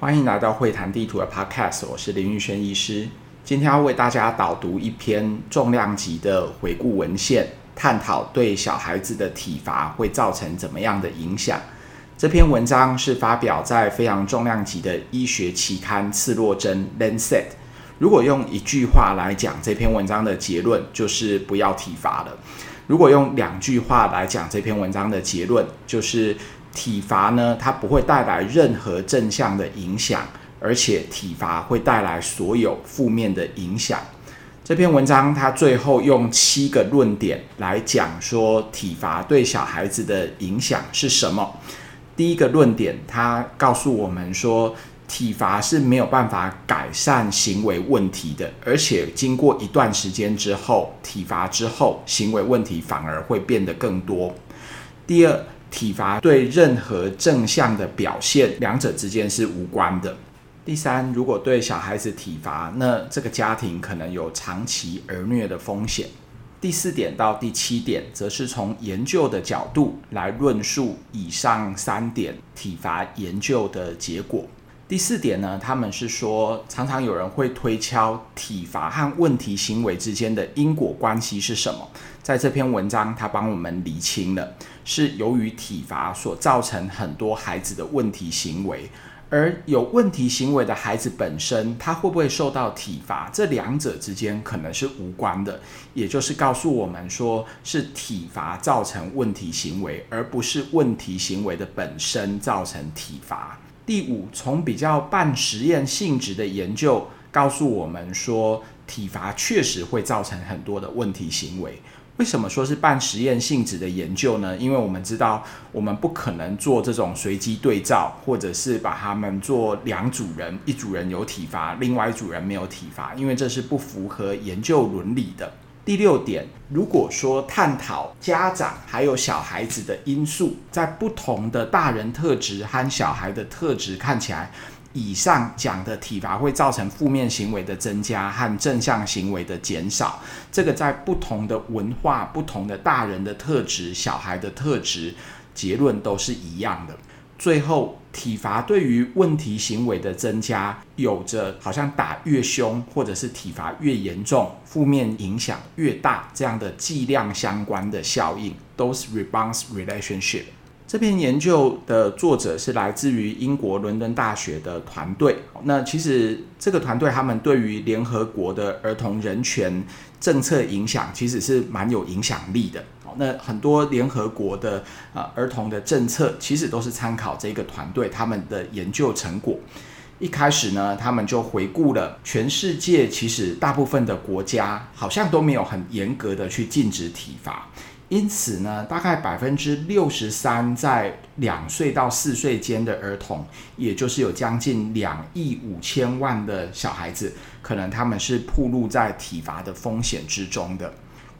歡迎來到會談地圖的 Podcast，我是林玉軒醫師。今天要為大家導讀一篇重量級的回顧文獻，探討對小孩子的體罰會造成怎麼樣的影響。這篇文章是發表在非常重量級的醫學期刊《刺胳針 Lancet》。如果用一句話來講這篇文章的結論，就是不要體罰了。如果用兩句話來講這篇文章的結論，就是。體罰呢，它，不會帶來任何正向的影響，而且體罰會帶來所有負面的影響。這篇文章它最後用七個論點來講說，體罰對小孩子的影響是什麼。第一個論點，它告訴我們說，體罰是沒有辦法改善行為問題的，而且經過一段時間之後，體罰之後行為問題反而會變得更多。第二，體罰對任何正向的表現，兩者之間是無關的。第三，如果對小孩子體罰，那這個家庭可能有長期兒虐的風險。第四點到第七點，則是從研究的角度來論述以上三點體罰研究的結果。第四點呢，他們是說，常常有人會推敲體罰和問題行為之間的因果關係是什麼，在這篇文章，他幫我們理清了。是由於體罰所造成很多孩子的問題行為，而有問題行為的孩子本身，他會不會受到體罰？這兩者之間可能是無關的，也就是告訴我們說是體罰造成問題行為，而不是問題行為的本身造成體罰。第五，從比較半實驗性質的研究告訴我們說，體罰確實會造成很多的問題行為。為什麼說是半實驗性質的研究呢？因為我們知道，我們不可能做這種隨機對照，或者是把他們做兩組人，一組人有體罰，另外一組人沒有體罰，因為這是不符合研究倫理的。第六點，如果說探討家長還有小孩子的因素，在不同的大人特質和小孩的特質看起來。以上講的體罰會造成負面行為的增加和正向行為的減少，這個在不同的文化、不同的大人的特質、小孩的特質，結論都是一樣的。最後，體罰對於問題行為的增加，有着好像打越兇或者是體罰越嚴重，負面影響越大這樣的劑量相關的效應，都是 dose response relationship。這篇研究的作者是來自於英國倫敦大學的團隊。那其實這個團隊他們對於聯合國的兒童人權政策影響其實是蠻有影響力的。那很多聯合國的啊兒童的政策其實都是參考這個團隊他們的研究成果。一開始呢，他們就回顧了全世界，其實大部分的國家好像都沒有很嚴格的去禁止體罰。因此呢，大概百分之六十三在兩歲到四歲間的兒童，也就是有將近兩億五千萬的小孩子，可能他們是暴露在體罰的風險之中的。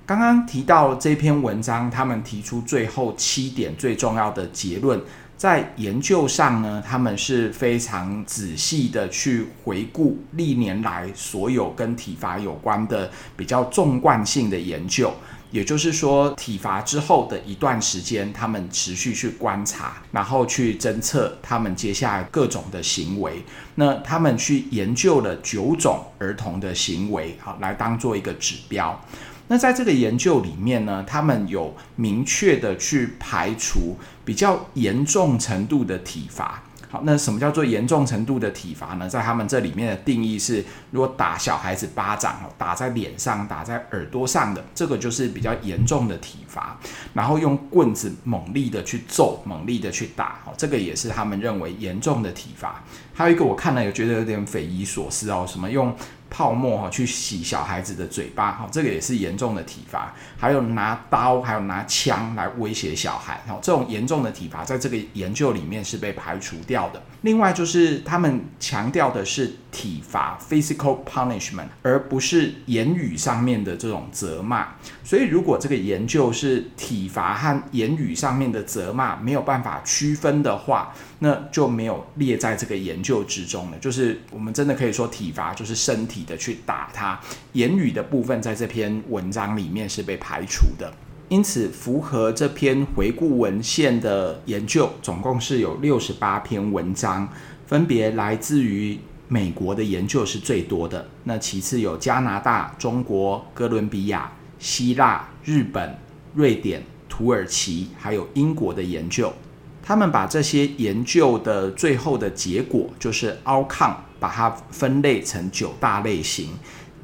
剛剛提到這篇文章，他們提出最後七點最重要的結論，在研究上呢，他們是非常仔細的去回顧歷年來所有跟體罰有關的比較縱貫性的研究。也就是說，體罰之後的一段時間，他們持續去觀察，然後去偵測他們接下來各種的行為。那他們去研究了九種兒童的行為，好，來當做一個指標。那在這個研究裡面呢，他們有明確的去排除比較嚴重程度的體罰。好，那什麼叫做嚴重程度的體罰呢？在他們這裡面的定義是，如果打小孩子巴掌，打在臉上、打在耳朵上的，這個就是比較嚴重的體罰。然後用棍子猛力的去揍、猛力的去打哦，這個也是他們認為嚴重的體罰。還有一個我看了也覺得有點匪夷所思哦，什麼用？泡沫哈，去洗小孩子的嘴巴哈，這個也是嚴重的體罰，還有拿刀，還有拿槍來威脅小孩，然後這種嚴重的體罰，在這個研究裡面是被排除掉的。另外就是他們強調的是體罰 （physical punishment），而不是言語上面的這種責罵。所以，如果這個研究是體罰和言語上面的責罵沒有辦法區分的話，那就沒有列在這個研究之中了。就是我們真的可以說體罰就是身體的去打他，言語的部分在這篇文章裡面是被排除的。因此，符合這篇回顧文獻的研究，總共是有六十八篇文章，分別來自於美國的研究是最多的。那其次有加拿大、中國、哥倫比亞、希臘、日本、瑞典、土耳其，還有英國的研究。他們把這些研究的最後的結果，就是 outcome 把它分類成九大類型。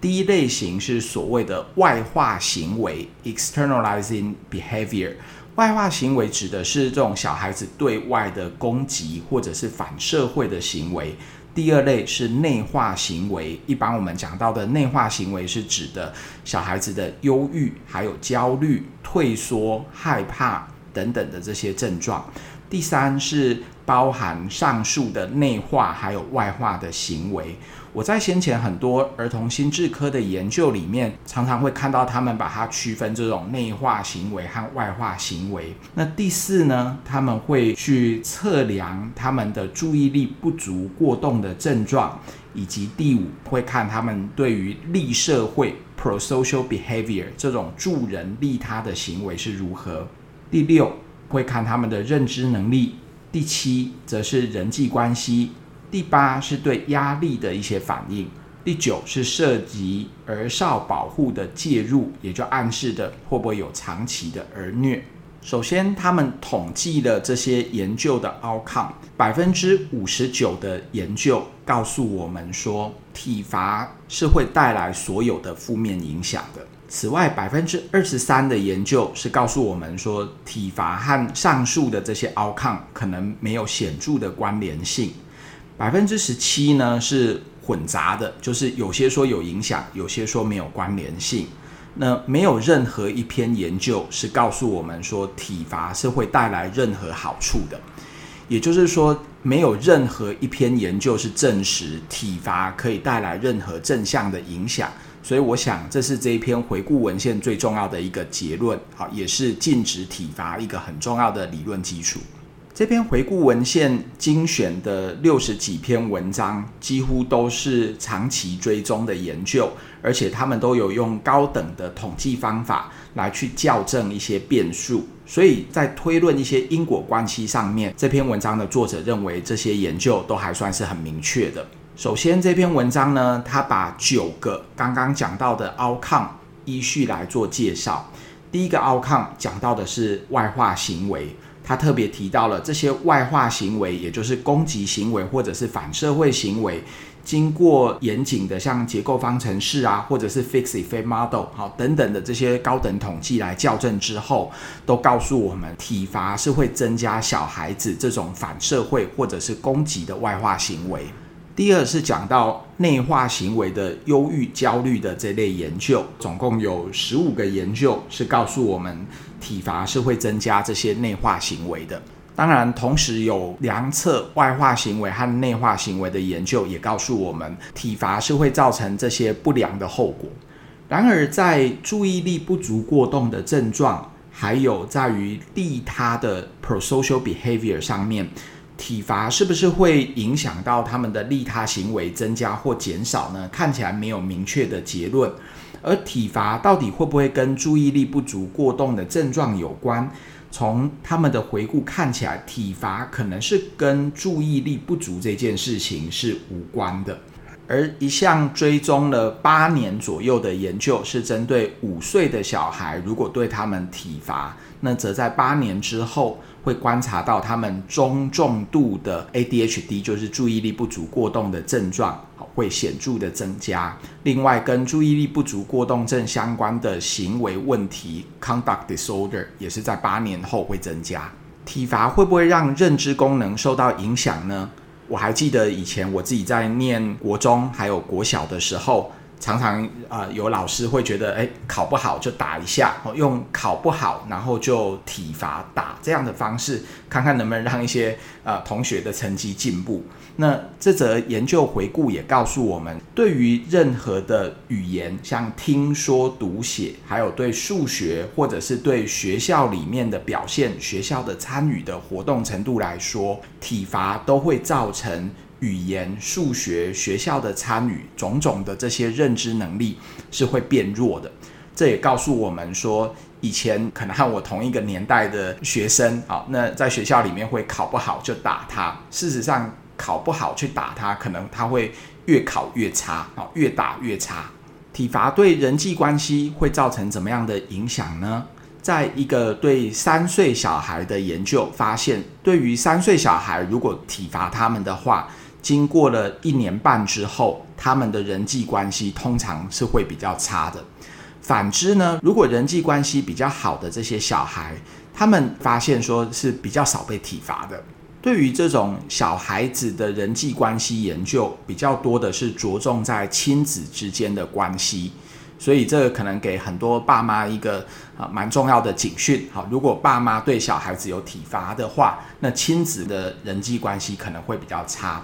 第一類型是所謂的外化行為 （externalizing behavior），外化行為指的是這種小孩子對外的攻擊或者是反社會的行為。第二類是內化行為，一般我們講到的內化行為是指的小孩子的憂鬱、還有焦慮、退縮、害怕等等的這些症狀。第三是。包含上述的內化還有外化的行為，我在先前很多兒童心智科的研究裡面，常常會看到他們把它區分這種內化行為和外化行為。那第四呢，他們會去測量他們的注意力不足過動的症狀，以及第五會看他們對於利社會 prosocial behavior 這種助人利他的行為是如何。第六會看他們的認知能力。第七則是人際關係，第八是對壓力的一些反應，第九是涉及兒少保護的介入，也就暗示的會不會有長期的兒虐。首先，他們統計了這些研究的 outcome，百分之五十九的研究告訴我們說，體罰是會帶來所有的負面影響的。此外，百分之二十三的研究是告訴我們說，體罰和上述的這些 outcome 可能沒有顯著的關聯性。百分之十七呢是混雜的，就是有些說有影響，有些說沒有關聯性。那沒有任何一篇研究是告訴我們說體罰是會帶來任何好處的，也就是說，沒有任何一篇研究是證實體罰可以帶來任何正向的影響。所以我想，這是這一篇回顧文獻最重要的一個結論，好，也是禁止體罰一個很重要的理論基礎。這篇回顧文獻精選的六十幾篇文章，幾乎都是長期追蹤的研究，而且他們都有用高等的統計方法來去校正一些變數，所以在推論一些因果關係上面，這篇文章的作者認為這些研究都還算是很明確的。首先，這篇文章呢，它把九個剛剛講到的 outcome 依序來做介紹。第一個 outcome 講到的是外化行為，它特別提到了這些外化行為，也就是攻擊行為或者是反社會行為，經過嚴謹的像結構方程式啊，或者是 fixed effect model 好等等的這些高等統計來校正之後，都告訴我們，體罰是會增加小孩子這種反社會或者是攻擊的外化行為。第二是講到內化行為的憂鬱、焦慮的這類研究，總共有十五個研究是告訴我們體罰是會增加這些內化行為的。當然，同時有量測外化行為和內化行為的研究也告訴我們，體罰是會造成這些不良的後果。然而，在注意力不足過動的症狀，還有在於利他的 prosocial behavior 上面。體罰是不是會影響到他們的利他行為增加或減少呢？看起來沒有明確的結論。而體罰到底會不會跟注意力不足過動的症狀有關？從他們的回顧看起來，體罰可能是跟注意力不足這件事情是無關的。而一項追蹤了八年左右的研究是針對五歲的小孩，如果對他們體罰，那則在八年之後會觀察到他們中重度的 ADHD，就是注意力不足過動的症狀，會顯著的增加。另外，跟注意力不足過動症相關的行為問題 （conduct disorder） 也是在八年後會增加。體罰會不會讓認知功能受到影響呢？我還記得以前我自己在念國中還有國小的時候。常常啊、呃，有老師會覺得，哎，考不好就打一下，用考不好，然後就體罰打這樣的方式，看看能不能讓一些啊、呃、同學的成績進步。那這則研究回顧也告訴我們，對於任何的語言，像聽說讀寫，還有對數學或者是對學校裡面的表現、學校的參與的活動程度來說，體罰都會造成。語言、數學、學校的參與，種種的這些認知能力是會變弱的。這也告訴我們說，以前可能和我同一個年代的學生啊、哦，那在學校裡面會考不好就打他。事實上，考不好去打他，可能他會越考越差啊、哦，越打越差。體罰對人際關係會造成怎麼樣的影響呢？在一個對三歲小孩的研究發現，對於三歲小孩，如果體罰他們的話，經過了一年半之後，他們的人際關係通常是會比較差的。反之呢，如果人際關係比較好的這些小孩，他們發現說是比較少被體罰的。對於這種小孩子的人際關係研究比較多的是着重在親子之間的關係，所以這個可能給很多爸媽一個啊蠻重要的警訊。好，如果爸媽對小孩子有體罰的話，那親子的人際關係可能會比較差。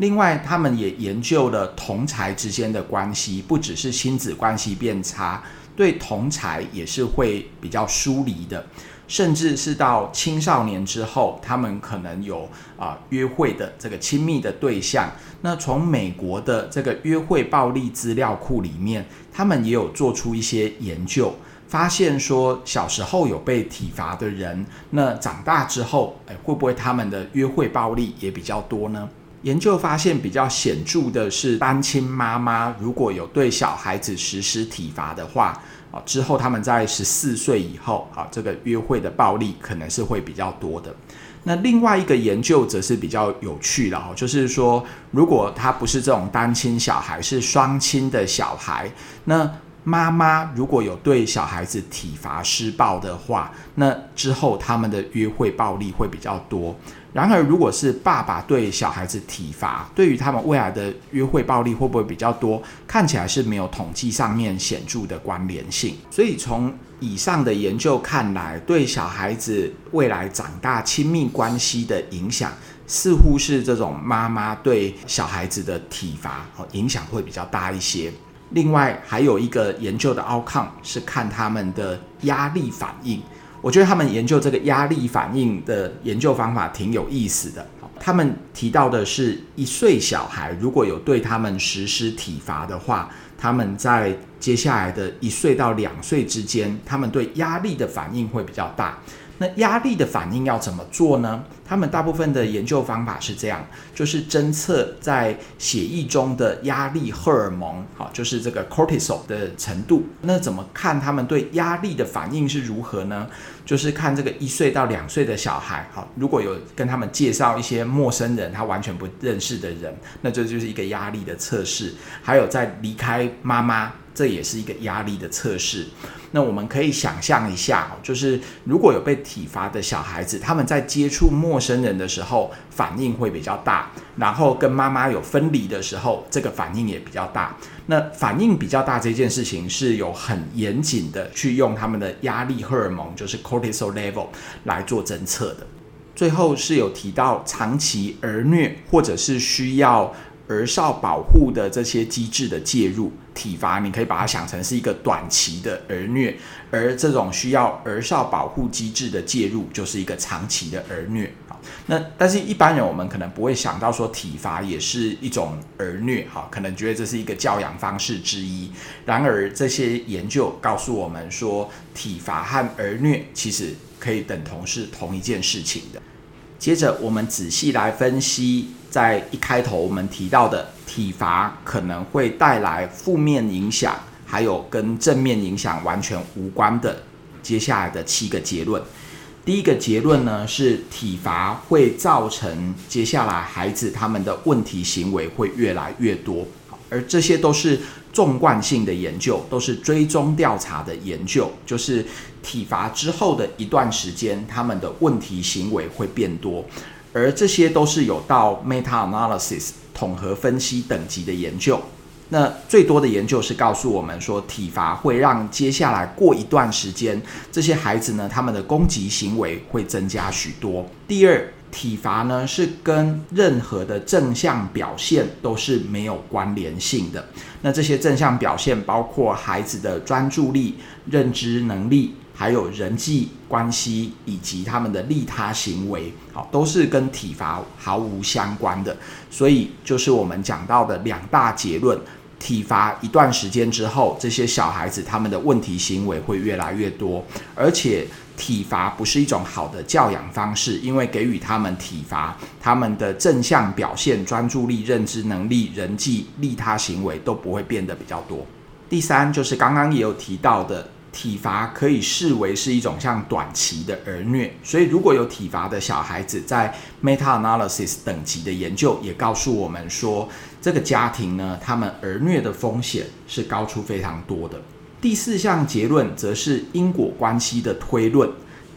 另外，他們也研究了同儕之間的關係，不只是親子關係變差，對同儕也是會比較疏離的，甚至是到青少年之後，他們可能有啊、呃、約會的這個親密的對象。那從美國的這個約會暴力資料庫裡面，他們也有做出一些研究，發現說小時候有被體罰的人，那長大之後，哎，會不會他們的約會暴力也比較多呢？研究發現比較顯著的是，單親媽媽如果有對小孩子實施體罰的話，啊，之後他們在十四歲以後，啊，這個約會的暴力可能是會比較多的。那另外一個研究則是比較有趣的哦，就是說，如果他不是這種單親小孩，是雙親的小孩，那。媽媽如果有對小孩子體罰施暴的話，那之後他們的約會暴力會比較多。然而，如果是爸爸對小孩子體罰，對於他們未來的約會暴力會不會比較多？看起來是沒有統計上面顯著的關聯性。所以，從以上的研究看來，對小孩子未來長大親密關係的影響，似乎是這種媽媽對小孩子的體罰影響會比較大一些。另外還有一個研究的 outcome 是看他們的壓力反應，我覺得他們研究這個壓力反應的研究方法挺有意思的。他們提到的是一歲小孩如果有對他們實施體罰的話，他們在接下來的一歲到兩歲之間，他們對壓力的反應會比較大。那壓力的反應要怎麼做呢？他們大部分的研究方法是這樣，就是偵測在血液中的壓力荷爾蒙，好，就是這個 cortisol 的程度。那怎麼看他們對壓力的反應是如何呢？就是看這個一歲到兩歲的小孩，好，如果有跟他們介紹一些陌生人，他完全不認識的人，那這就是一個壓力的測試。還有在離開媽媽，這也是一個壓力的測試。那我們可以想象一下，就是如果有被體罰的小孩子，他們在接觸陌生人的時候反應會比較大，然後跟媽媽有分離的時候，這個反應也比較大。那反應比較大這件事情是有很嚴謹的去用他們的壓力荷爾蒙，就是 cortisol level 來做偵測的。最後是有提到長期兒虐或者是需要。兒少保護的這些機制的介入，體罰，你可以把它想成是一個短期的兒虐，而這種需要兒少保護機制的介入，就是一個長期的兒虐啊。那但是，一般人我們可能不會想到說體罰也是一種兒虐哈，可能覺得這是一個教養方式之一。然而，這些研究告訴我們說，體罰和兒虐其實可以等同是同一件事情的。接着，我們仔細來分析。在一開頭我們提到的體罰可能會帶來負面影響，還有跟正面影響完全無關的接下來的七個結論。第一個結論呢，是體罰會造成接下來孩子他們的問題行為會越來越多，而這些都是縱貫性的研究，都是追蹤調查的研究，就是體罰之後的一段時間，他們的問題行為會變多。而這些都是有到 meta analysis 統合分析等級的研究。那最多的研究是告訴我們說，體罰會讓接下來過一段時間，這些孩子呢，他們的攻擊行為會增加許多。第二，體罰呢，是跟任何的正向表現都是沒有關聯性的。那這些正向表現包括孩子的專注力、認知能力。還有人際關係以及他們的利他行為，好、哦，都是跟體罰毫無相關的。所以就是我們講到的兩大結論：體罰一段時間之後，這些小孩子他們的問題行為會越來越多，而且體罰不是一種好的教養方式，因為給予他們體罰，他們的正向表現、專注力、認知能力、人際利他行為都不會變得比較多。第三就是剛剛也有提到的。體罰可以視為是一種像短期的兒虐，所以如果有體罰的小孩子在，在 meta analysis 等級的研究也告訴我們說，這個家庭呢，他們兒虐的風險是高出非常多的。第四項結論則是因果關係的推論。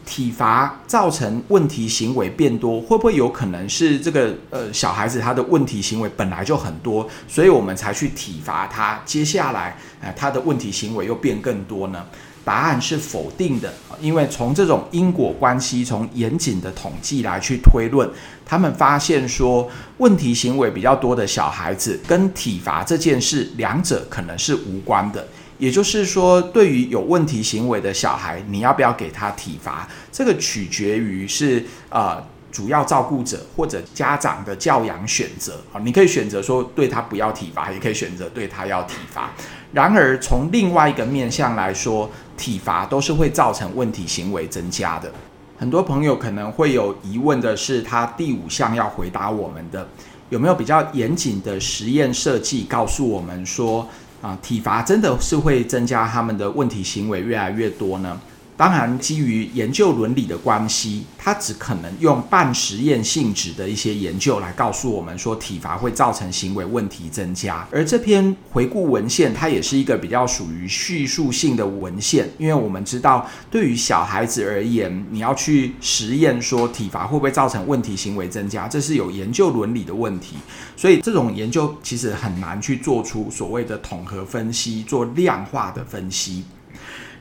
體罰造成問題行為變多，會不會有可能是這個呃小孩子他的問題行為本來就很多，所以我們才去體罰他，接下來呃他的問題行為又變更多呢？答案是否定的，因為從這種因果關係，從嚴謹的統計來去推論，他們發現說問題行為比較多的小孩子跟體罰這件事兩者可能是無關的。也就是說，對於有問題行為的小孩，你要不要給他體罰？這個取決於是啊、呃，主要照顧者或者家長的教養選擇。啊，你可以選擇說，對他不要體罰，也可以選擇對他要體罰。然而，從另外一個面向來說，體罰都是會造成問題行為增加的。很多朋友可能會有疑問的是，他第五項要回答我們的，有沒有比較嚴謹的實驗設計告訴我們說？啊，體罰真的是會增加他們的問題行為越來越多呢？當然，基於研究倫理的關係，它只可能用半實驗性質的一些研究來告訴我們說體罰會造成行為問題增加。而這篇回顧文獻，它也是一個比較屬於敘述性的文獻，因為我們知道，對於小孩子而言，你要去實驗說體罰會不會造成問題行為增加，這是有研究倫理的問題。所以，這種研究其實很難去做出所謂的統合分析，做量化的分析。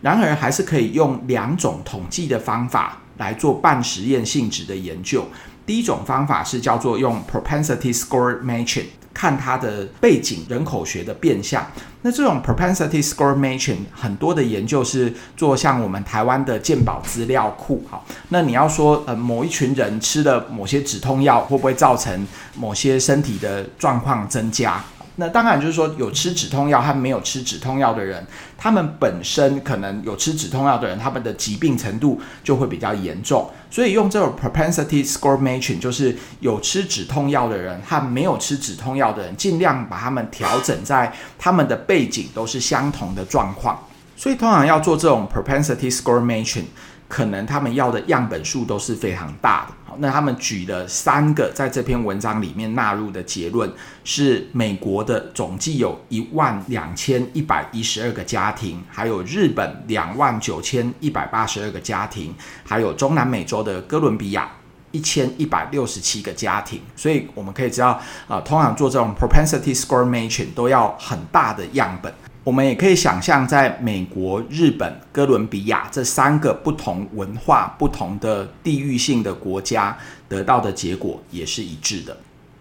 然而還是可以用兩種統計的方法來做半實驗性質的研究。第一種方法是叫做用 propensity score matching，看它的背景人口學的變項。那這種 propensity score matching 很多的研究是做像我們台灣的健保資料庫。好，那你要說，呃，某一群人吃了某些止痛藥，會不會造成某些身體的狀況增加？那當然就是說，有吃止痛藥，和沒有吃止痛藥的人，他們本身可能有吃止痛藥的人，他們的疾病程度就會比較嚴重。所以用這種 propensity score matching，就是有吃止痛藥的人和沒有吃止痛藥的人，盡量把他們調整在他們的背景都是相同的狀況。所以通常要做這種 propensity score matching，可能他們要的樣本數都是非常大的。那他們舉了三個，在這篇文章裡面納入的結論是：美國的總計有一萬兩千一百一十二個家庭，還有日本兩萬九千一百八十二個家庭，還有中南美洲的哥倫比亞一千一百六十七個家庭。所以我們可以知道，啊、呃，通常做這種 propensity score matching 都要很大的樣本。我們也可以想象，在美國、日本、哥倫比亞這三個不同文化、不同的地域性的國家得到的結果也是一致的。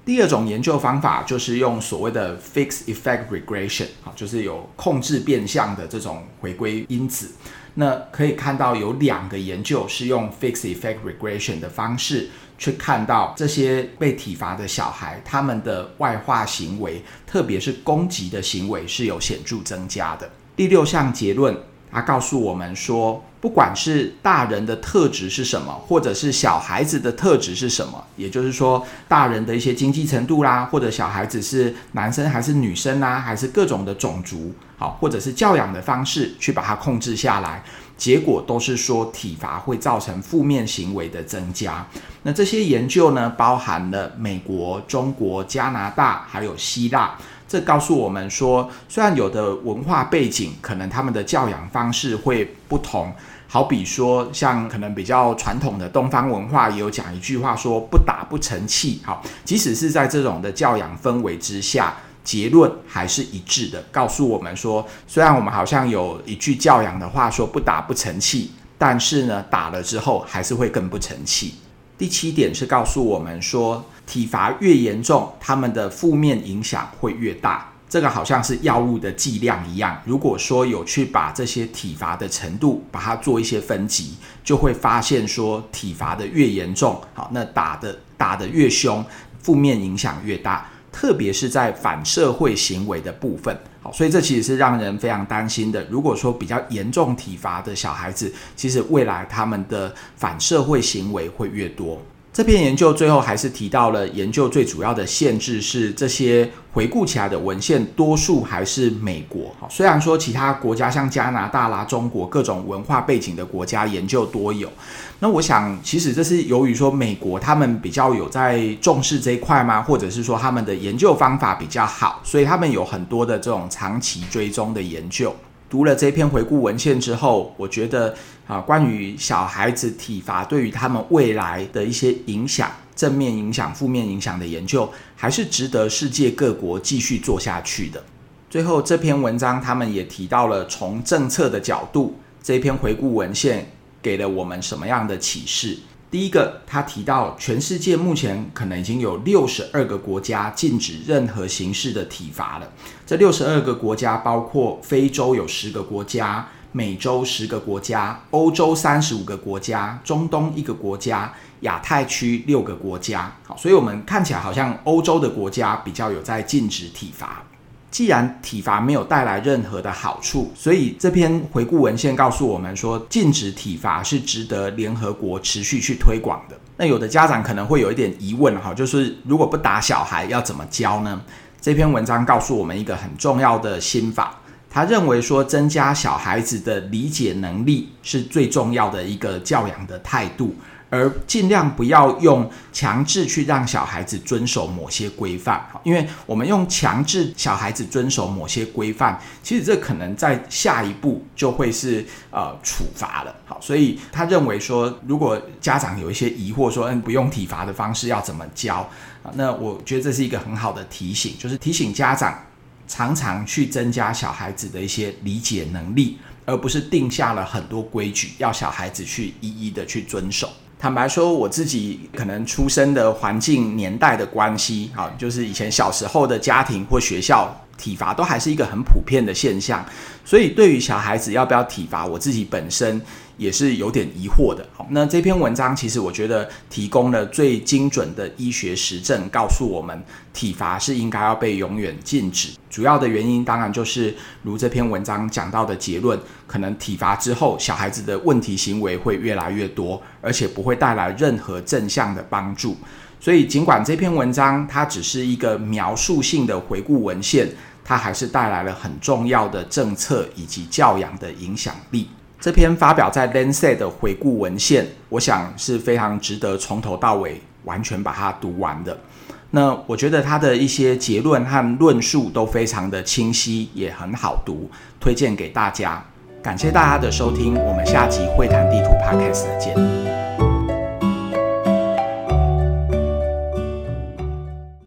第二種研究方法就是用所謂的 fixed effect regression，就是有控制變項的這種回歸因子。那可以看到有兩個研究是用 fixed effect regression 的方式。去看到這些被體罰的小孩，他們的外化行為，特別是攻擊的行為是有顯著增加的。第六項結論，他告訴我們說，不管是大人的特質是什麼，或者是小孩子的特質是什麼，也就是說，大人的一些經濟程度啦，或者小孩子是男生還是女生啊，還是各種的種族，好，或者是教養的方式去把它控制下來。結果都是說體罰會造成負面行為的增加。那這些研究呢，包含了美國、中國、加拿大還有希臘。這告訴我們說，雖然有的文化背景可能他們的教養方式會不同，好比說像可能比較傳統的東方文化，也有講一句話說“不打不成器”。好，即使是在這種的教養氛圍之下。結論還是一致的，告訴我們說，雖然我們好像有一句教養的話說“不打不成器”，但是呢，打了之後還是會更不成器。第七點是告訴我們說，體罰越嚴重，他們的負面影響會越大。這個好像是藥物的劑量一樣，如果說有去把這些體罰的程度把它做一些分級，就會發現說，體罰得越嚴重，好，那打得打得越兇，負面影響越大。特別是在反社會行為的部分，好，所以這其實是讓人非常擔心的。如果說比較嚴重體罰的小孩子，其實未來他們的反社會行為會越多。這篇研究最後還是提到了研究最主要的限制，是這些回顧起來的文獻，多數還是美國。雖然說其他國家像加拿大啦、中國各種文化背景的國家研究多有，那我想其實這是由於說，美國他們比較有在重視這一塊嗎？或者是說他們的研究方法比較好，所以他們有很多的這種長期追蹤的研究。讀了這篇回顧文獻之後，我覺得啊，關於小孩子體罰對於他們未來的一些影響，正面影響、負面影響的研究，還是值得世界各國繼續做下去的。最後這篇文章他們也提到了從政策的角度，這篇回顧文獻給了我們什麼樣的啟示？第一個，他提到全世界目前可能已經有六十二個國家禁止任何形式的體罰了。這六十二個國家包括非洲有十個國家，美洲十個國家，歐洲三十五個國家，中東一個國家，亞太區六個國家。好，所以我們看起來好像歐洲的國家比較有在禁止體罰。既然體罰沒有帶來任何的好處，所以這篇回顧文獻告訴我們說，禁止體罰是值得聯合國持續去推廣的。那有的家長可能會有一點疑問哈，就是如果不打小孩，要怎麼教呢？這篇文章告訴我們一個很重要的心法，他認為說，增加小孩子的理解能力是最重要的一個教養的態度。而盡量不要用強制去讓小孩子遵守某些規範，因為我們用強制小孩子遵守某些規範，其實這可能在下一步就會是呃處罰了。好，所以他認為說，如果家長有一些疑惑說，說嗯不用體罰的方式要怎麼教，那我覺得這是一個很好的提醒，就是提醒家長常常去增加小孩子的一些理解能力，而不是定下了很多規矩要小孩子去一一的去遵守。坦白說，我自己可能出生的環境、年代的關係，啊，就是以前小時候的家庭或學校體罰都還是一個很普遍的現象，所以對於小孩子要不要體罰，我自己本身，也是有點疑惑的。好，那這篇文章其實我覺得提供了最精準的醫學實證，告訴我們體罰是應該要被永遠禁止。主要的原因當然就是如這篇文章講到的結論，可能體罰之後小孩子的問題行為會越來越多，而且不會帶來任何正向的幫助。所以儘管這篇文章它只是一個描述性的回顧文獻，它還是帶來了很重要的政策以及教養的影響力。這篇發表在 Lancet 的回顧文獻，我想是非常值得從頭到尾完全把它讀完的。那我覺得它的一些結論和論述都非常的清晰，也很好讀，推薦給大家。感謝大家的收聽，我們下集會談地圖 Podcast 再見。